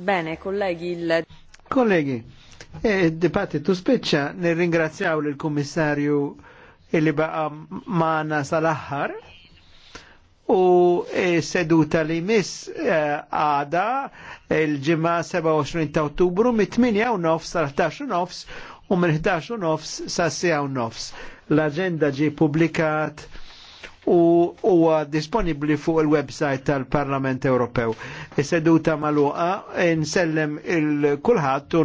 Bene, kollegi, il... Kollegi, eh, dibattitu speċa nirringrazzjaw lill kummissarju illi baqa maħna sal-axħar u e, seduta li mis e, għada e, il-ġimma 27 ta' ottubru mit-8 u nofs sa' 11 nofs u mit 11 nofs sa' 6 nofs. L-agenda ġi publikat u huwa disponibbli fuq il-website tal-Parlament Ewropew. Is-seduta magħluqa maluqa nsellem il-kulħadd